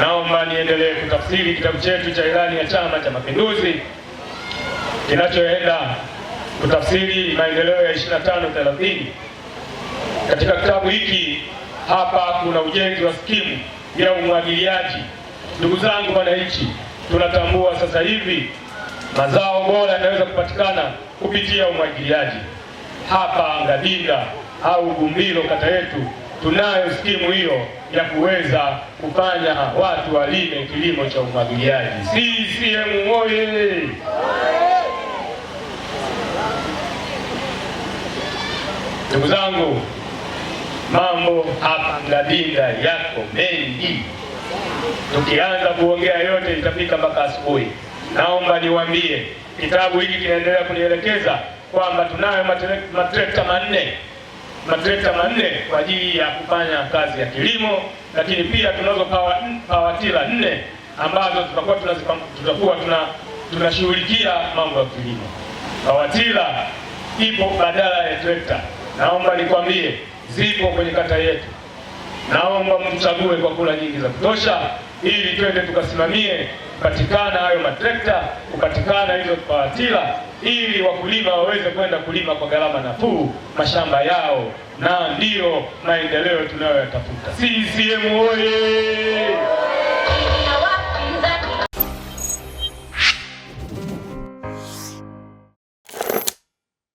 Naomba niendelee kutafsiri kitabu chetu cha ilani ya Chama cha Mapinduzi kinachoenda kutafsiri maendeleo ya 25 Katika kitabu hiki hapa kuna ujenzi wa skimu ya umwagiliaji. Ndugu zangu wananchi, tunatambua sasa hivi mazao bora yanaweza kupatikana kupitia umwagiliaji. Hapa Ngadinda au Gumbiro kata yetu tunayo skimu hiyo ya kuweza kufanya watu walime kilimo cha umwagiliaji. CCM oye! Ndugu zangu, mambo hapa Mladinda yako mengi, tukianza kuongea yote itafika mpaka asubuhi. Naomba niwaambie, kitabu hiki kinaendelea kunielekeza kwamba tunayo matrekta manne matrekta manne kwa ajili ya kufanya kazi ya kilimo, lakini pia tunazo pawatila nne ambazo tutakuwa tutakuwa tuna tunashughulikia mambo ya kilimo. Pawatila ipo badala ya trekta. Naomba nikwambie, zipo kwenye kata yetu. Naomba mtuchague kwa kula nyingi za kutosha ili twende tukasimamie kupatikana hayo matrekta, kupatikana hizo pawatila, ili wakulima waweze kwenda kulima kwa gharama nafuu mashamba yao, na ndiyo maendeleo tunayoyatafuta. CCM oye!